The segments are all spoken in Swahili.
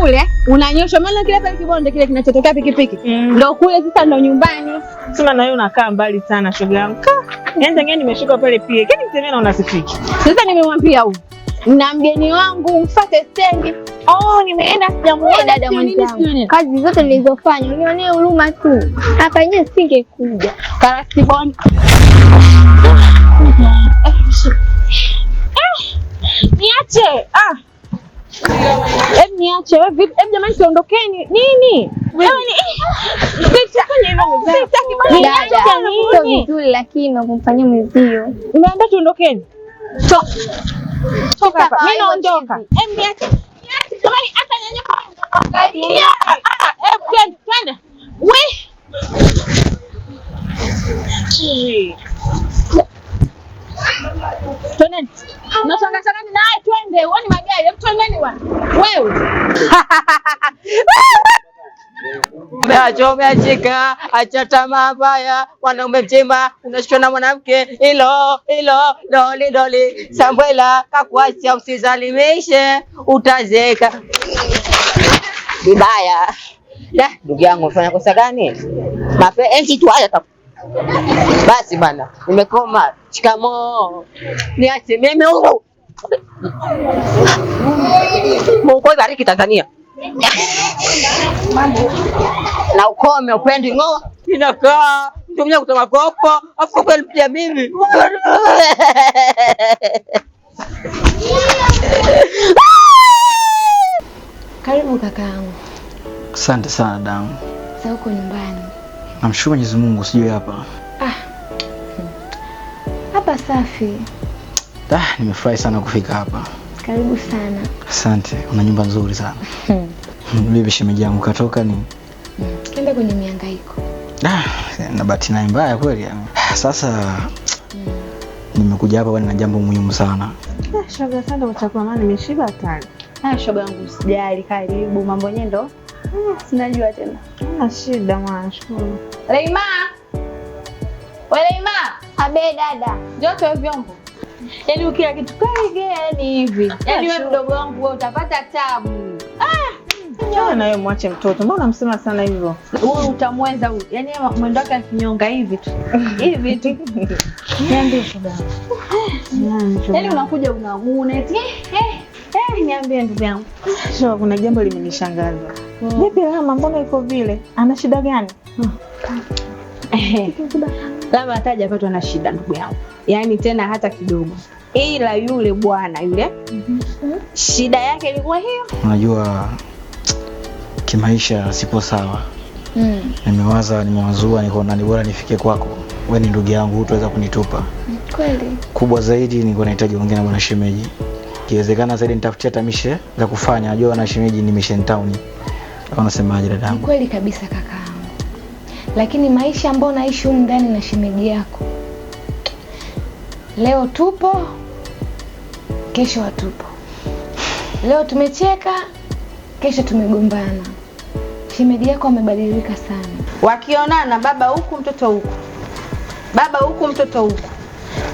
kule unanyosha, maana kile pale kibonde kile kinachotokea pikipiki mm. ndio kule sasa, ndio nyumbani. Sema na wewe unakaa mbali sana shoga yangu, yaani nimeshuka pale pia, kani mtemea na unasifiki sasa. Nimemwambia huyu na mgeni wangu mfate stendi. Oh, nimeenda sijamuona eh, dada mwenzangu. Kazi zote nilizofanya unionee huruma tu, hapa nje singekuja karasi boni eh, niache ah Hebu niache wewe vipi? Hebu jamani tuondokeni. Nini? Sitaki vizuri yaani- lakini nakumfanyia mwezio. Umeambia tuondokeni. Mimi naondoka. Hebu niache. Jamani hata nyanya. Hebu twende, twende. Twende. Tunasonga Twende, wani magari, hebu twendeni bwana. Wewe. Umeacha umeachika, acha tamaa mbaya, wanaume mtima, unashikwa na mwanamke, ilo ilo doli doli, Sambwela kakuacha, usizalimishe, utazeka vibaya. Ndugu yangu fanya kosa gani? mapenzi eh, tu haya basi bana, nimekoma. Shikamoo, niache mimi huko Mungu ibariki Tanzania na ukome upendi ng'o inakaa tumia kutoa makopo afu kweli pia mimi Karibu kakaangu. Asante sana dadangu. Sasa uko nyumbani? Namshukuru Mwenyezi Mungu, sijui hapa. Ah. Hapa safi. Da, ah, nimefurahi sana kufika hapa. Karibu sana. Asante. Una nyumba nzuri sana. Bibi hmm. shemeji yangu katoka ni kenda kwenye mihangaiko. Da, ah, na bahati naye mbaya kweli yani. Ah, sasa mm. nimekuja hapa kwani na jambo muhimu sana. Ah, shoga sana chakula, maana nimeshiba tani. Ah, shoga yangu usijali, karibu mambo yenyewe ndo. Ah, sinajua tena. Ah, shida mwana, shukuru. Reima. Wewe Reima. Abe dada. Njoo toe vyombo. Yaani ukila kitu kaigeni yaani hivi, yaani, yaani wewe mdogo wangu wewe utapata tabu. Ah, na wewe mwache mtoto. Mbona unamsema sana hivyo? Wewe utamweza huyu. Yaani mwendo wake akinyonga hivi tu. Hivi tu. Niambie sababu. Yaani unakuja unauna eti eh, eh Eh, niambie ndugu yangu. Sio, kuna jambo limenishangaza. Oh. Vipi Rama, mbona iko vile? Ana shida gani? Eh, eh. Labda hata hajapatwa na shida ndugu yangu yani tena hata kidogo, ila yule bwana yule mm -hmm. shida yake ilikuwa hiyo. Unajua kimaisha sipo sawa mm. Nimewaza, nimewazua, nikaona ni bora nifike kwako, we ni ndugu yangu, utaweza kunitupa kweli. Kubwa zaidi nilikuwa nahitaji ongea na bwana shemeji, kiwezekana zaidi nitafutia tamishe za kufanya. Najua bwana shemeji ni mission town, unasemaje dadangu? Kweli kabisa kakaangu, lakini maisha ambayo naishi humu ndani na shemeji yako Leo tupo, kesho hatupo. Leo tumecheka, kesho tumegombana. Shemeji yako amebadilika sana, wakionana baba huku mtoto huku, baba huku mtoto huku.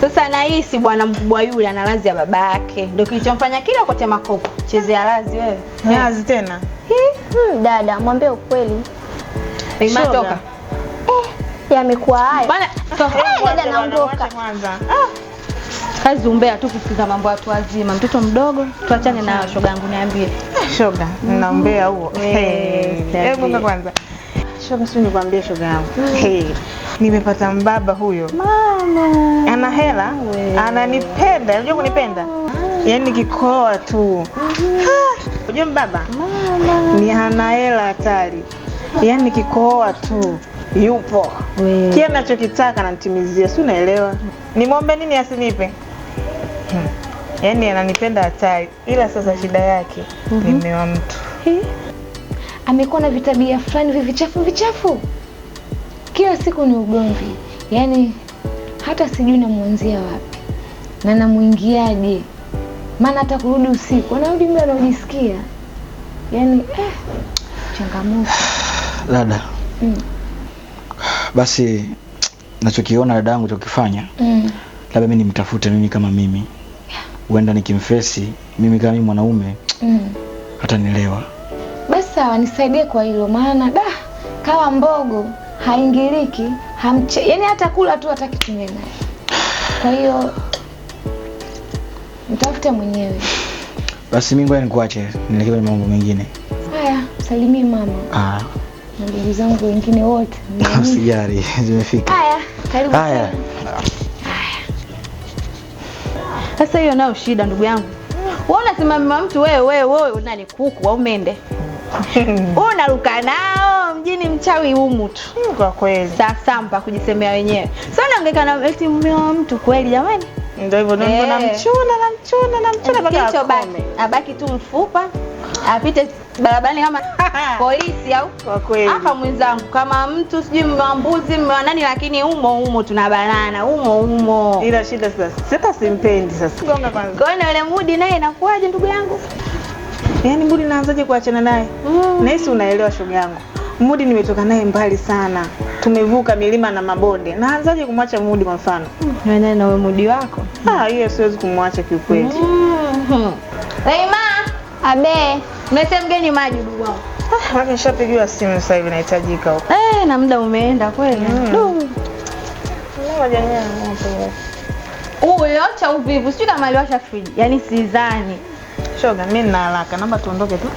Sasa nahisi bwana mkubwa yule ana lazi ya baba yake, ndio kilichomfanya kila kote makopo. Chezea lazi wewe, radhi tena hmm. Dada mwambie ukweli, imatoka eh, yamekuwa haya. Eh, dada naondoka. Ah kazi umbea tu kusikiza mambo watu wazima, mtoto mdogo, tuachane na shoga yangu, niambie shoga, mhm. na umbea huo. Hebu ngoja kwanza shoga, si nikwambie shoga yangu nimepata mbaba huyo, mama ana hela, ananipenda, unajua kunipenda yaani nikikoa tu mhm. unajua mbaba ni ana hela hatari, yaani nikikoa tu yupo, kile nachokitaka ananitimizia, si unaelewa? Nimwombe nini asinipe? mm. Yaani ananipenda hatari, ila sasa shida yake mm -hmm. ni mhm. mume wa mtu amekuwa na vitabia fulani vivichafu vichafu, kila siku ni ugomvi, yaani hata sijui namwanzia wapi na namwingiaje, maana hata kurudi usiku anarudi muda anaojisikia, yaani eh, changamoto dada. mm. Basi nachokiona dada yangu chokifanya, mm. labda mi nimtafute mimi kama mimi huenda nikimfesi mimi kama mimi mwanaume mm. hata nilewa. Basi sawa, nisaidie kwa hilo, maana da kawa mbogo haingiliki hamche, yani hata kula tu hataki kunywa naye. Kwa hiyo mtafute mwenyewe. Basi mimi ngoja nikuache, nielekee kwenye mambo mengine. Haya, salimie mama ah, na ndugu zangu wengine wote. Sijari, zimefika. Haya, karibu. Haya. Sasa hiyo nayo shida, ndugu yangu. Wewe unasimama mtu wewe wewe wewe unani kuku au mende unaruka nao mjini, mchawi humu tu kwa kweli. Sasa mpa kujisemea wenyewe, sio naongeka na eti mume wa mtu kweli, jamani. Ndio hivyo, ndio eh. namchuna namchuna namchuna mpaka abaki tu mfupa apite barabarani kama polisi au kwa kweli. Hapa mwenzangu, kama mtu sijui mambuzi nani, lakini umo umo tuna banana umo umo, ila shida sasa, sasa simpendi sasa. Gonga kwanza, kwaona yule mudi naye inakuwaje ndugu yangu? Yaani mudi naanzaje kuachana naye? Mm. Nahisi unaelewa shoga yangu Mudi nimetoka naye mbali sana, tumevuka milima na mabonde. Naanzaje kumwacha Mudi kwa mfano? Hmm. Na wewe Mudi wako ah, yeye siwezi kumwacha kiukweli. mm Abe, mlete mgeni maji dugu wangu. Ah, nishapigiwa simu sasa hivi nahitajika huko. Eh, na muda umeenda kweli. Mm. Uliacha uvivu, sijui kama aliwasha friji, yaani sidhani. Shoga, mimi nina haraka, naomba tuondoke tu.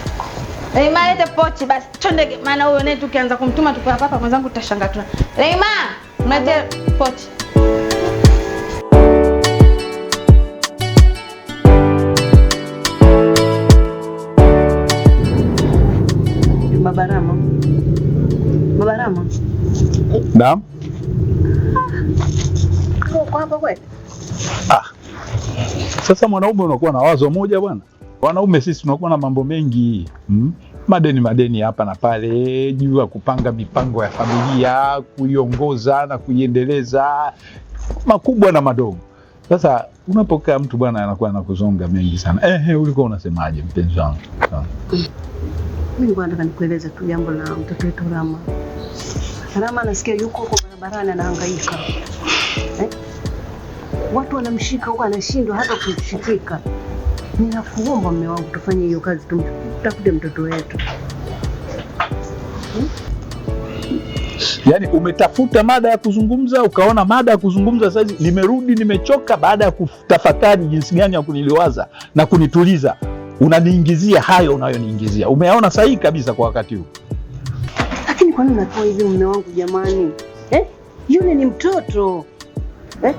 Leima, lete pochi basi, twende maana huyo naye tukianza kumtuma tukapapa hapa hapa, mwenzangu tutashanga tuna. Leima, mlete pochi. Naam. Ah. Sasa mwanaume unakuwa na wazo moja bwana. Wanaume sisi tunakuwa na mambo mengi hmm? Madeni madeni hapa na pale juu ya kupanga mipango ya familia, kuiongoza na kuiendeleza, makubwa na madogo. Sasa unapokaa mtu bwana, anakuwa anakuzonga mengi sana. Ehe, ulikuwa unasemaje mpenzi wangu? Mimi nataka nikueleze tu jambo la mtoto wetu Rama. Salama anasikia yuko huko barabarani anahangaika eh? Watu wanamshika huko anashindwa hata kumshikika. Ninakuomba mume wangu, tufanye hiyo kazi, tumtafute mtoto wetu hmm? Yaani umetafuta mada ya kuzungumza ukaona mada ya kuzungumza sasa, Nimerudi nimechoka, baada ya kutafakari jinsi gani ya kuniliwaza na kunituliza, unaniingizia hayo unayoniingizia. Umeaona sahihi kabisa kwa wakati huu. Lakini kwa nini unatoa hivi mume wangu jamani? Eh? Yule ni mtoto eh?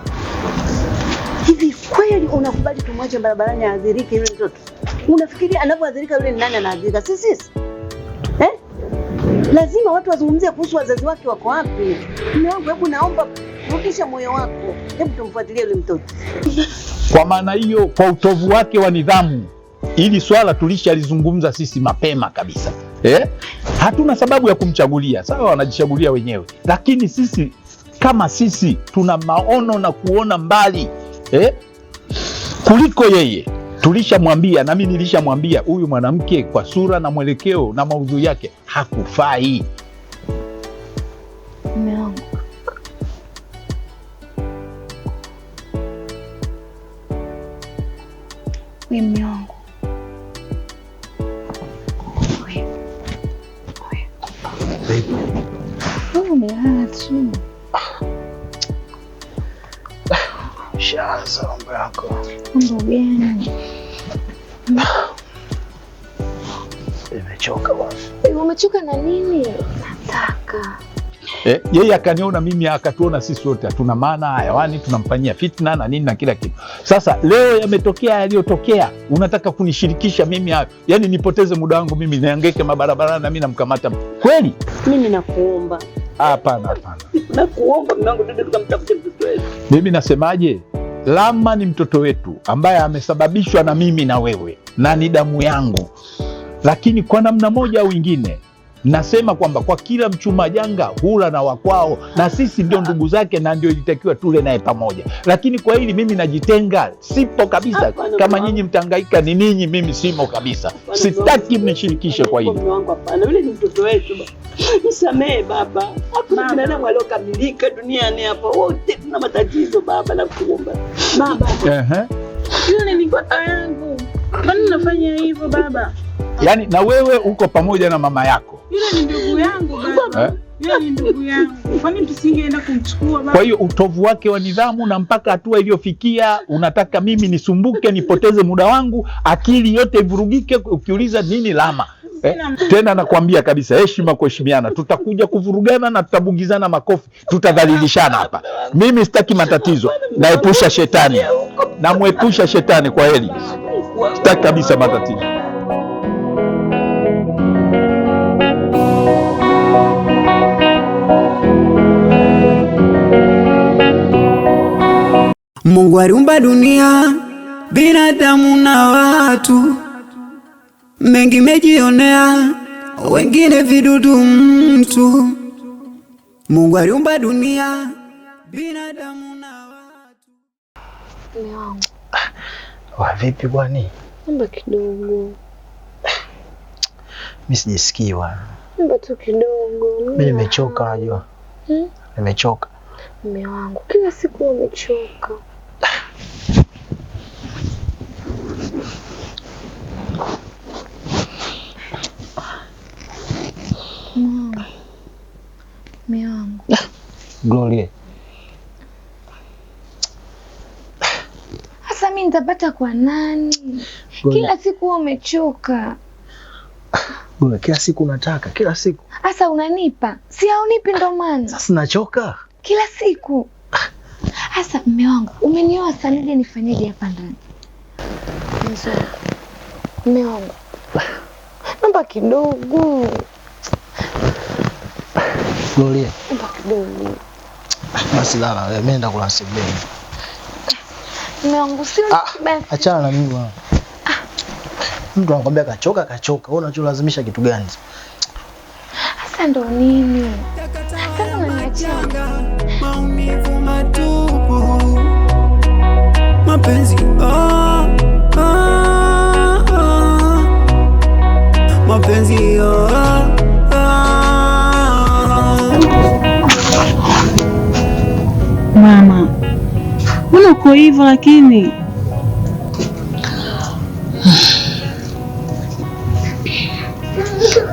Hivi kweli unakubali tumwache barabarani aadhirike yule mtoto? Unafikiri anavyoadhirika yule ni nani anaadhirika? Si sisi eh? Lazima watu wazungumzie kuhusu wazazi wake wako wapi. Mume wangu, hebu naomba rudisha moyo wako, hebu tumfuatilie yule mtoto. Kwa maana hiyo, kwa utovu wake wa nidhamu, hili swala tulishalizungumza sisi mapema kabisa eh? Hatuna sababu ya kumchagulia. Sawa, wanajichagulia wenyewe, lakini sisi kama sisi tuna maono na kuona mbali eh? kuliko yeye. Tulishamwambia na nilishamwambia huyu mwanamke kwa sura na mwelekeo na maudhui yake hakufai. Mume wangu vipi? Umelala tu? Shaanza mambo yako. Mambo gani? Nimechoka Umechoka na nini? Nataka Eh, yeye akaniona mimi akatuona sisi wote, hatuna maana hayawani, tunamfanyia fitna na nini na kila kitu. Sasa leo yametokea yaliyotokea, unataka kunishirikisha mimi hayo? Yani nipoteze muda wangu mimi niangeke mabarabarani na mimi namkamata kweli? Mimi nakuomba hapana, hapana. Nakuomba mwanangu, ndio tukamtafute mtoto wetu. Mimi nasemaje, Lama ni mtoto wetu ambaye amesababishwa na mimi na wewe na ni damu yangu, lakini kwa namna moja au nyingine Nasema kwamba kwa kila mchuma janga hula na wakwao, na sisi ndio ndugu zake na ndio ilitakiwa tule naye pamoja, lakini kwa hili mimi najitenga, sipo kabisa. Ah, Kama nyinyi mtangaika ni ninyi, mimi simo kabisa, sitaki mnishirikishe kwa hili. msamehe baba. Hakuna binadamu aliokamilika duniani hapa, wote tuna matatizo baba, na kuomba baba. Yule ni kaka yangu, kwani unafanya hivyo baba? Yaani na wewe uko pamoja na mama yako yule ni ndugu yangu baba. Eh? Kwa tusingeenda kumchukua Kwa hiyo utovu wake wa nidhamu na mpaka hatua iliyofikia unataka mimi nisumbuke nipoteze muda wangu akili yote ivurugike ukiuliza nini lama. Eh, tena nakwambia kabisa, heshima kuheshimiana. Tutakuja kuvurugana na tutabugizana makofi, tutadhalilishana hapa. Mimi sitaki matatizo, naepusha shetani, namwepusha shetani kwa heli, sitaki kabisa matatizo. Mungu aliumba dunia, binadamu na watu, mengi mejionea, wengine vidudu mtu. Mungu aliumba dunia, binadamu na watu. Ah, wa vipi bwani? Mba kidogo. Mimi sijisikii bwana. Mba tu kidogo. Mimi nimechoka unajua. Hmm? Nimechoka. Mume wangu kila siku amechoka. Gloria. Sasa mimi nitapata kwa nani? Gloria. Kila siku umechoka. Gloria, kila siku unataka, kila siku. Sasa unanipa. Si haunipi ndo maana. Sasa nachoka. Kila siku. Sasa mme wangu, umenioa sasa nije nifanyeje hapa ndani? Mme wangu. Namba kidogo. Gloria. Namba kidogo. Basi lala, eh, mimi naenda kula sebuleni. Mume wangu sio ah, basi. Achana na mimi bwana. Ah. Mtu anakwambia kachoka kachoka, wewe unacholazimisha kitu gani? Sasa ndo nini? Sasa unaniachia maumivu matupu. Mapenzi Mapenzi. Ah, mapenzi. Mapenzi ah. Mama, mbona uko hivyo lakini?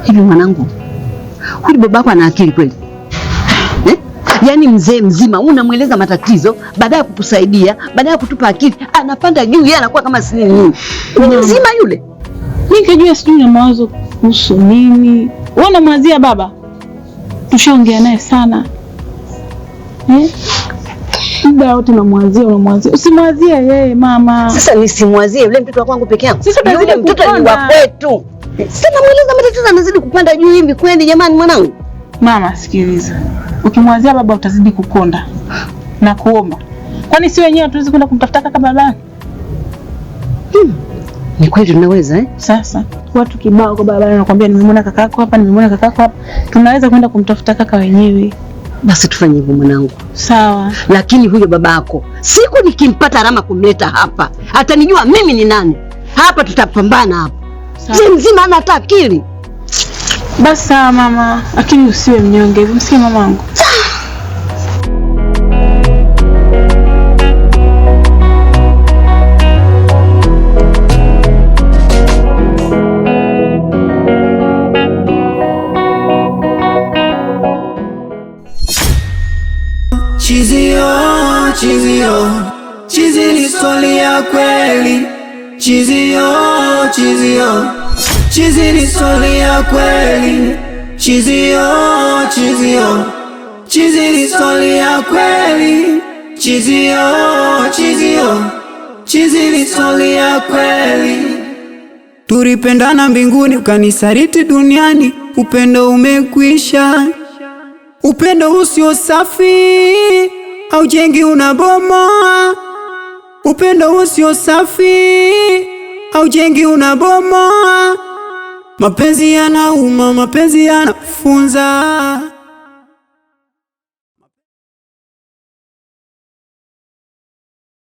Hivi mwanangu, huyu babako ana akili kweli eh? Yaani mzee mzima unamweleza matatizo, baada ya kutusaidia, baada ya kutupa akili, anapanda juu, yeye anakuwa kama si nini. mzima yule, nikijua sijui na mawazo kuhusu nini. Wewe unamwazia baba, tushaongea naye sana eh? shida yote unamwazia, unamwazia, usimwazie yeye mama. Sasa nisimwazie yule mtoto wangu peke yangu, yule mtoto ni wa kwetu. Sasa namweleza matatizo anazidi kupanda juu hivi. Kweli jamani, mwanangu. Mama sikiliza, ukimwazia baba utazidi kukonda na kuomba. Kwani si wenyewe hatuwezi kwenda kumtafuta kaka babani? Hmm. Ni kweli tunaweza eh? Sasa watu kibao kwa baba anakuambia nimemwona kakako hapa, nimemwona kakako hapa. Tunaweza kwenda kumtafuta kaka wenyewe. Basi tufanye hivyo mwanangu, sawa. Lakini huyo babako siku nikimpata alama kumleta hapa atanijua mimi ni nani hapa, tutapambana hapa mzima, ana hata akili. Basi sawa mama, lakini usiwe mnyonge, msikie mamangu. chizio, chizi ni stori ya kweli chizio, chizio, chizi ni stori ya kweli chizio, chizio, chizi ni stori ya kweli chizio, chizio, chizi ni stori ya kweli. Tulipendana mbinguni ukanisariti duniani, upendo umekwisha, upendo usio safi aujengi unabomoa. Upendo usio safi aujengi unabomoa. Mapenzi yanauma, mapenzi yanafunza